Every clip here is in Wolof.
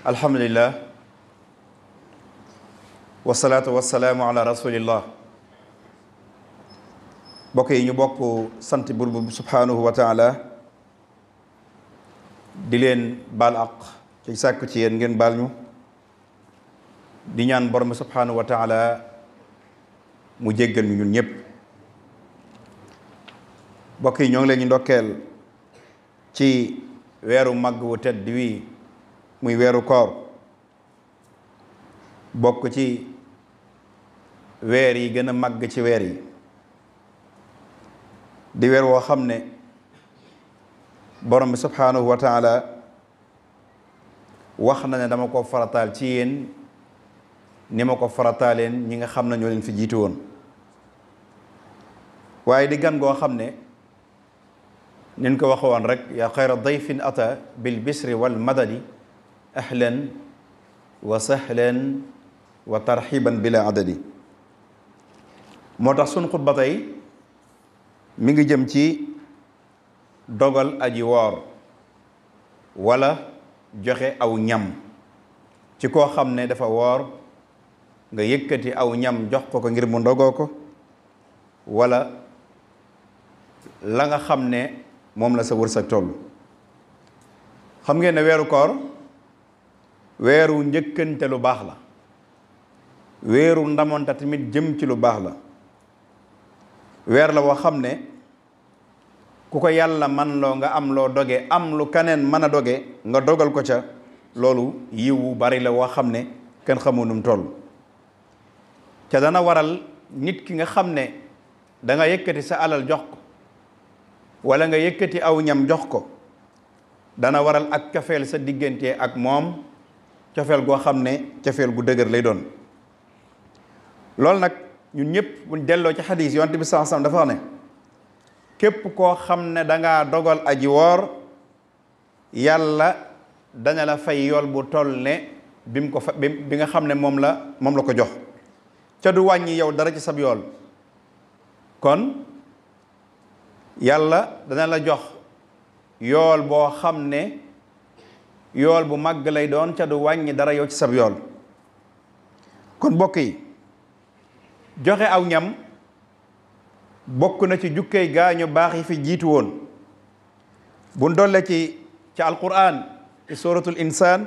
alhamdulilah wasalaatu wasalaamu ala rasulillah bokk yi ñu bokk sant bur bu subhaanahu wa di leen baal aq ci sàkku ci yéen ngeen baal ñu di ñaan borom subhaanahu wa taala mu jéggal ñu ñun ñëpp bokk yi ñoo ngi leen ñu ndokkeel ci weeru màgg wu tedd wi muy weeru koor bokk ci weer yi gën a màgg ci weer yi di weer woo xam ne borom bi subhaanahu wa wax na ne dama ko farataal ci yéen ni ma ko farataaleen ñi nga xam ne ñoo leen fi jiitu woon waaye di gan goo xam ne nin ko waxoon rek yaa xayra dayfin ata bil bisri wal madadi ahlan wa sahlan wa tarxiban bila adadi moo tax sunu ba tey mi ngi jëm ci dogal aji woor wala joxe aw ñam ci koo xam ne dafa woor nga yëkkati aw ñam jox ko ko ngir mu ndogoo ko walla la nga xam ne moom la sa wërsëg toll xam ngeen ne weeru koor weeru njëkkante lu baax la weeru ndamonte tamit jëm ci lu baax la weer la woo xam ne ku ko yàlla man loo nga am loo doge am lu kaneen mën a doge nga dogal ko ca loolu yiwu bari la woo xam ne kenn xamu num toll ca dana waral nit ki nga xam ne danga nga yëkkati sa alal jox ko wala nga yëkkati aw ñam jox ko dana waral ak cofeel sa diggante ak moom cofeel goo xam ne cofeel gu dëgër lay doon loolu nag ñun ñëpp buñ delloo ci xadis yonte bi sallallahu alayhi dafa wax képp koo xam ne danga dogal aji yàlla dana la fay yool bu toll ne ko bi nga xam ne moom la moom la ko jox ca du wàññi yow dara ci sab yool kon yàlla dana la jox yool boo xam ne yool bu màgg lay doon ca du wàññi dara yow ci sab yool kon bokk yi joxe aw ñam bokk na ci jukkey gaañu baax yi fi jiitu woon bu dolle ci ci alquran ci suratul insaan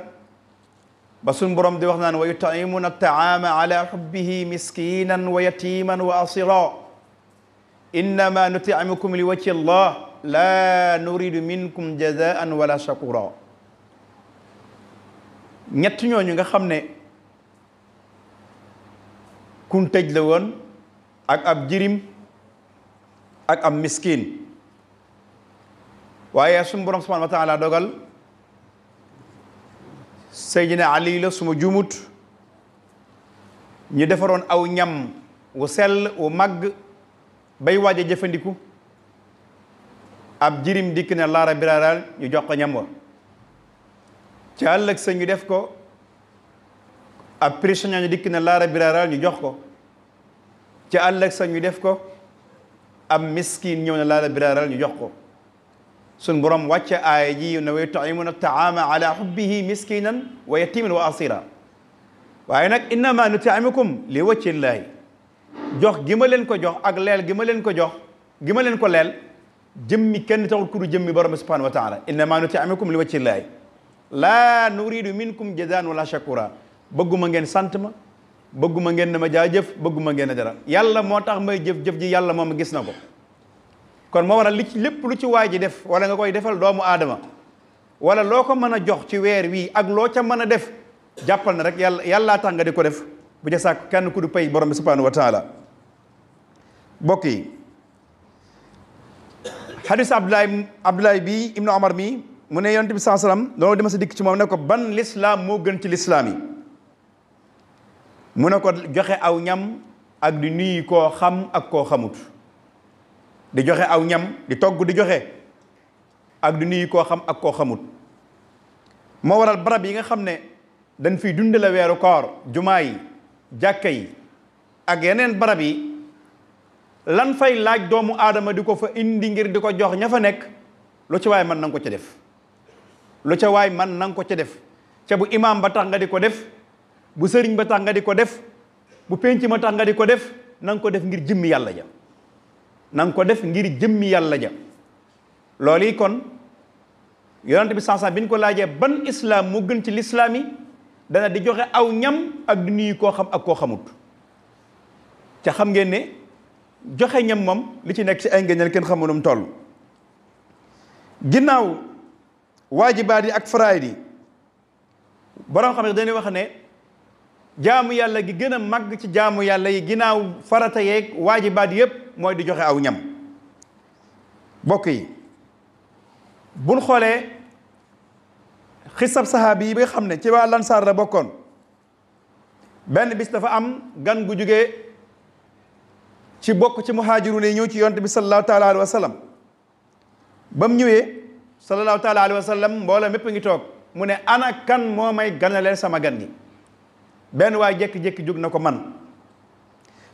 ba suñ borom di wax naan wa yut'imuna at-ta'ama ala hubbihi miskinan wa yatiman wa asira innama nut'imukum li wajhi allah la nuridu minkum jazaan wala shakura ñett ñooñu nga xam ne kun tëj la woon ak ab jirim ak ab miskin waaye suñu borom subhanahu wa dogal Seydina Ali la suma jumut ñu defaroon aw ñam wu sell wu màgg bay waaj a jëfandiku ab jirim dikk ne laara ñu jox ko ñam wa ca ëllëg sa ñu def ko ab prisonnier ñu dikk na laa biraaral ñu jox ko ca ëllëg sa ñu def ko ab miskin ñëw na laara biraaral ñu jox ko sun borom wàcce aaya ji ne wa yut'imuna taama ala hubbihi miskinan wa yatiman wa asira waaye nag innama nut'imukum li wajhillaahi jox gi ma leen ko jox ak leel gi leen ko jox gi ma ko leel jëmmi kenn taxul ku du jëmmi borom subhanahu wa taala innama nut'imukum li wajhillaahi laa nuridu minkum jazaan wala shakura bëgguma ngeen sant ma bëgguma ngeen na ma jaajëf bëgguma ngeen a dara yàlla moo tax may jëf-jëf ji yàlla ma gis na ko kon moo waral li ci lépp lu ci waay ji def wala nga koy defal doomu aadama wala loo ko mën a jox ci weer wii ak loo ca mën a def jàppal na rek yàlla yàllaa tax nga di ko def bu ca sàkk kenn ku du pay borom bi subhanahu wa taala bokk yi xadis Abdoulaye Abdoulaye bi ibnu mii mu ne yonent bi saa salaam loolu dama sa dikk ci moom ne ko ban lislaam moo gën ci lislaam yi mu ne ko joxe aw ñam ak di nuyu koo xam ak koo xamut di joxe aw ñam di togg di joxe ak di nuyu koo xam ak koo xamut moo waral barab yi nga xam ne dañ fi fiy dundale weeru koor jumaa yi jàkka yi ak yeneen barab yi lan fay laaj doomu aadama di ko fa indi ngir di ko jox ña fa nekk lu ci waaye mën na ko ci def lu ca waay man na ko ca def ca bu imaam ba tax nga di ko def bu sëriñ ba tax nga di ko def bu penc ma tax ko def na ko def ngir jëmmi yàlla ja na ko def ngir jëmmi yàlla ja loolu yi kon yonent bi sansa bi ko laajee ban islaam mu gën ci lislaam yi dana di joxe aw ñam ak di nuyu koo xam ak koo xamut ca xam ngeen ne joxe ñam moom li ci nekk ci ay ngëneel kenn xamunum toll ginnaaw waajibaat yi ak faraayid yi borom xam ne dañuy wax ne jaamu yàlla gi gën a màgg ci jaamu yàlla yi ginnaaw farata yeeg waajibaat yépp mooy di joxe aw ñam bokk yi buñ xoolee xisab sahaabi yi bi nga xam ne ci waa lansaar la bokkoon benn bis dafa am gan gu jógee ci bokk ci muhaajiru ne ñëw ci yonte bi sallallahu taala alihi wa sallam ba sallallahu taala alayhi wa sallam mbooloo mépp ngi toog mu ne ana kan moo may ganale sama gan gi benn waay jékki-jékki jóg na ko man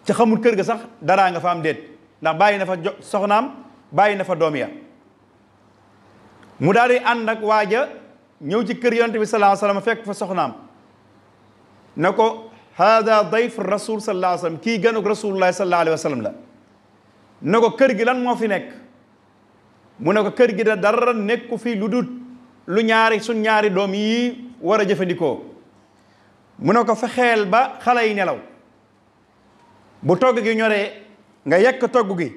ca xamul kër ga sax daraa nga fa am déet ndax bàyyi na fa soxnaam bàyyi na fa doom ya mu daal di ànd ak waaja ñëw ci kër yonent bi sallallahu alayhi wa fekk fa soxnaam na ko hada dayf fu sallallahu alayhi wa sallam kii ganuk rasulullahi sallallahu alayhi la na ko kër gi lan moo fi nekk mu ne ko kër gi da dara nekku fii lu dut lu ñaari suñ ñaari doom yi war a jëfandikoo mu ne ko fexeel ba xale yi nelaw bu togg gi ñoree nga yekk togg gi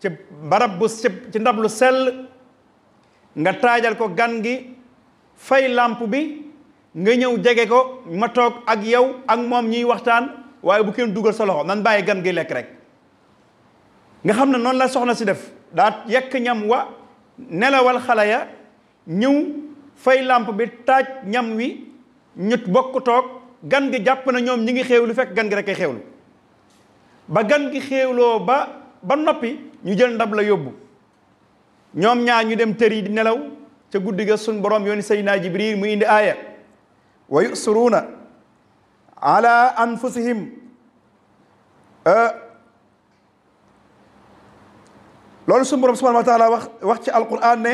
ci barab bu ci ndab lu sell nga taajal ko gan gi fay làmp bi nga ñëw jege ko ma toog ak yow ak moom ñuy waxtaan waaye bu kenn dugal sa loxo nan bàyyi gan gi lekk rek nga xam ne noonu la soxna si def daa yekk ñam wa nelawal xale ya ñëw fay làmp bi taaj ñam wi ñu bokk toog gan gi jàpp na ñoom ñi ngi xéewlu fekk gan gi rek ay xéewlu ba gan gi xéewloo ba ba noppi ñu jël ndab la yóbbu ñoom ñaar ñu dem tër yi di nelaw ca guddi ga suñ borom yooni Seydina Jibril mu indi aaya wa yusuruuna ala anfusihim loolu suñu borom subhanahu taala wax wax ci alquran ne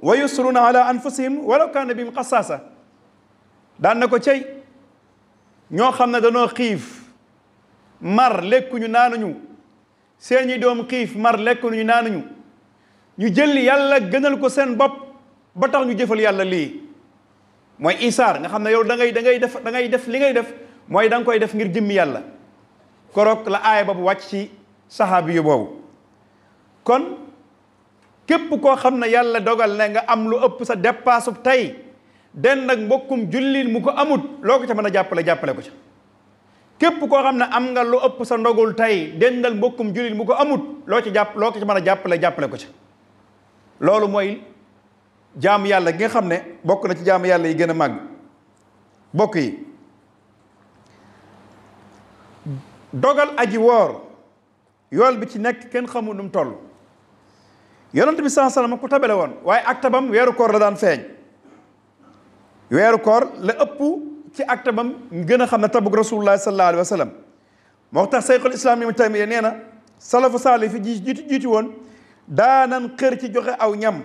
wa yusruuna ala anfusihim walaw kaana bihim xasaasa daan na ko cay ñoo xam ne danoo xiif mar lekkuñu naanuñu seeni doom xiif mar lekkuñu naanuñu ñu jël yàlla gënal ko seen bopp ba tax ñu jëfal yàlla lii mooy isaar nga xam ne yow dangay ngay def da def li ngay def mooy danga koy def ngir jëmmi yàlla koroog la aaya boobu wàcc ci saxaabi boobu kon képp koo xam ne yàlla dogal ne nga am lu ëpp sa dépasse tey den nag mbokkum jullit mu ko amut loo ko ca mën a jàppale jàppale ko ca képp koo xam ne am nga lu ëpp sa tey dendal mbokkum jullit mu ko amut loo ci jàpp loo ko ci mën a jàppale jàppale ko ca loolu mooy jaamu yàlla gi xam ne bokk na ci jaamu yàlla yi gën a màgg bokk yi dogal aji woor yool bi ci nekk kenn xamul nu mu toll yonent bi saa salaam ku tabele woon waaye ak tabam weeru koor la daan feeñ weeru koor la ëpp ci ak tabam gën a xam ne tabug rasulullah sallallahu alayhi wa sallam moo tax sayxul islam ibnu taymiya nee na salafu saali fi ji jiitu jiitu woon daanan xër ci joxe aw ñam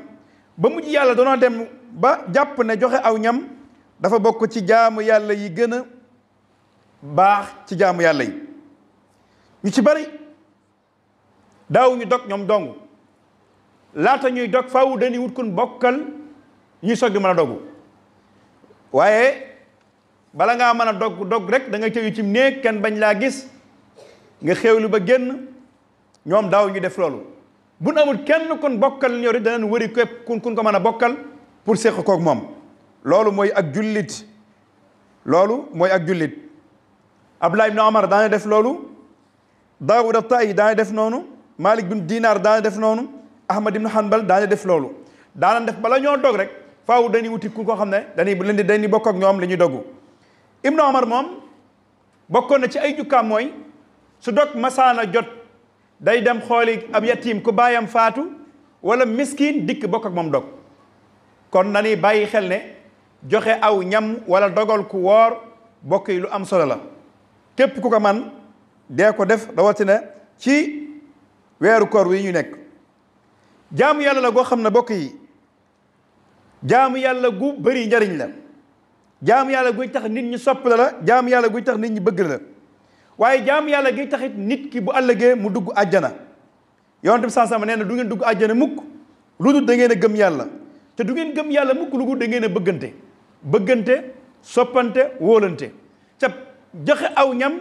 ba mujj yàlla doona dem ba jàpp ne joxe aw ñam dafa bokk ci jaamu yàlla yi gën a baax ci jaamu yàlla yi ñu ci bari daaw ñu dog ñoom dong laata ñuy dog faaw dañuy wut kun bokkal ñuy sog di mën a dogu waaye bala ngaa mën a dog dog rek dangay ngay tëju ci néeg kenn bañ laa gis nga xéewlu ba génn ñoom daaw ñu def loolu bu nu amul kenn kun bokkal ñori danañ nu képp kun kun ko mën a bokkal pour séq kook moom loolu mooy ak jullit loolu mooy ak jullit Abdullah ibn Omar daana def loolu Daawud at-Taa'i daana def noonu Malik bin Dinar daana def noonu Ahmad ibn Hanbal daana def loolu daana def bala ñoo dog rek faaw dañuy wuti ku ko xam ne dañuy leen di dañuy bokk ak ñoom li ñuy dogu Ibnu Omar moom bokkoon na ci ay jukkaam mooy su dog masaana jot day dem xooli ab yatim ku baayam faatu wala miskin dikk bokk moom dog kon na bàyyi xel ne joxe aw ñam wala dogal ku woor bokk yi lu am solo la képp ku ko man dee ko def rawatina ci weeru koor wi ñu nekk jaamu yàlla la goo xam ne bokk yi jaamu yàlla gu bëri njariñ la jaamu yàlla guy tax nit ñi sopp la la jaamu yàlla guy tax nit ñi bëgg la la waaye jaamu yàlla giy taxit nit ki bu ëllëgee mu dugg àjjana yonent bi sansama nee na du ngeen dugg àjjana mukk lu dul dangeen a gëm yàlla te du ngeen gëm yàlla mukk lu dul da ngeen bëggante bëggante soppante wóolante ca joxe aw ñam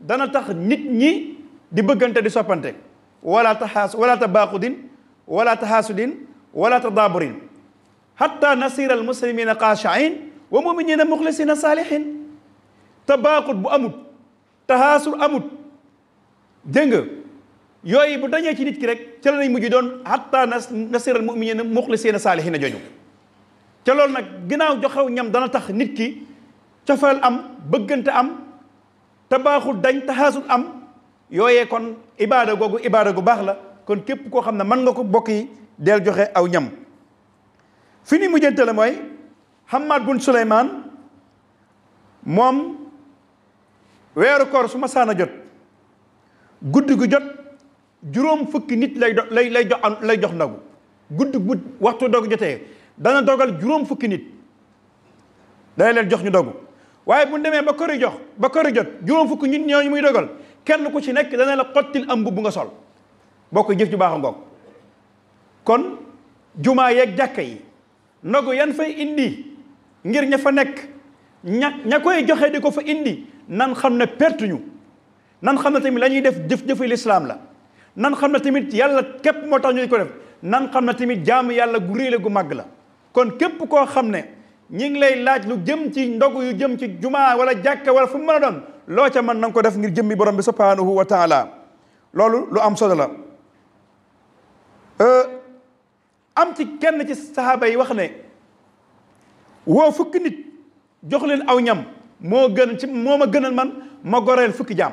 dana tax nit ñi di bëggante di soppante wala taxaas wala ta baaxudin wala tahaasudin wala tadaaburin xatta nasira al muslimina xaashain wa muminina muxlisina saalihin tabaaqut bu amut tahaasul amut dégg nga yooyu bu dañee ci nit ki rek ca la nañ mujj doon xatta nasira al muminina muxlisina saalihin a joñu ca loolu nag ginnaaw joxaw ñam dana tax nit ki cofeel am bëggante am tabaaxul dañ tahaasul am yooye kon ibaada googu ibaada gu baax la kon képp koo xam ne mën nga ko bokk yi del joxe aw ñam fi ni mujjante la mooy Hammad bun Suleymaan moom weeru koor su ma saana jot guddi gu jot juróom fukki nit lay do lay lay jox lay jox ndogu guddi bu waxtu dogu jotee dana dogal juróom fukki nit day leen jox ñu dogu waaye bu demee ba kori jox ba kori jot juróom fukki nit ñu muy dogal kenn ku ci nekk dana la xottil am bu nga sol boo bokk jëf ju baax a kon jumaa yeeg jàkka yi ndogu yan fa indi ngir ña fa nekk ña ña koy joxe di ko fa indi nan xam ne pertuñu nan xam ne tamit la ñuy def jëf-jëfi lislaam la nan xam ne tamit yàlla képp moo tax ñu ko def nan xam ne tamit jaamu yàlla gu réy la gu mag la kon képp koo xam ne ñi ngi lay laaj lu jëm ci ndogu yu jëm ci jumaa wala jàkka wala fu mu mën a doon loo ca mën na ko def ngir jëmmi borom bi subhanahu wa taala loolu lu am solo la Euh, am ci kenn ci saxaaba yi wax ne woo fukki nit jox leen aw ñam moo gën ci moo ma gënal man ma goreel fukki jaam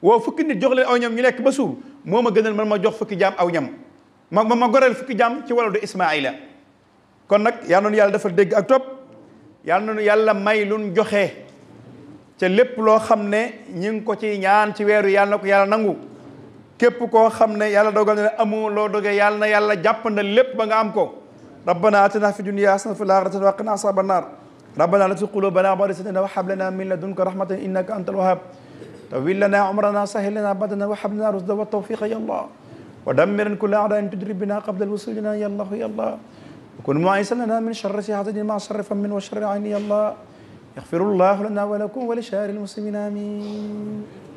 woo fukki nit jox leen aw ñam ñu lekk ba suur moo ma gënal man ma jox fukki jaam aw ñam ma ma goreel fukki jaam ci du Ismaayila kon nag yaa noonu yàlla dafa dégg ak topp yaa noonu yàlla may luñ joxe ca lépp loo xam ne ñi ngi ko ci ñaan ci weeru yàlla na ko yàlla nangu képp koo xam ne yàlla dogal na ne amoo loo dogee yàlla na yàlla jàppandal lépp ba nga am ko rabbana atina fi dunya hasanatan wa fil akhirati wa qina azaban nar rabbana la tuzigh qulubana ba'da idh hadaytana wa hab lana min ladunka rahmatan innaka antal wahhab tawil lana umrana sahhil lana badana wa hab lana rushda wa tawfiqa ya allah wa dammir kulla a'da'in tudri bina qabla al-wusul lana ya allah ya allah وكن معيسا لنا من شر حاسد مع شر فم وشر عين يا الله يغفر الله لنا ولكم ولشار المسلمين امين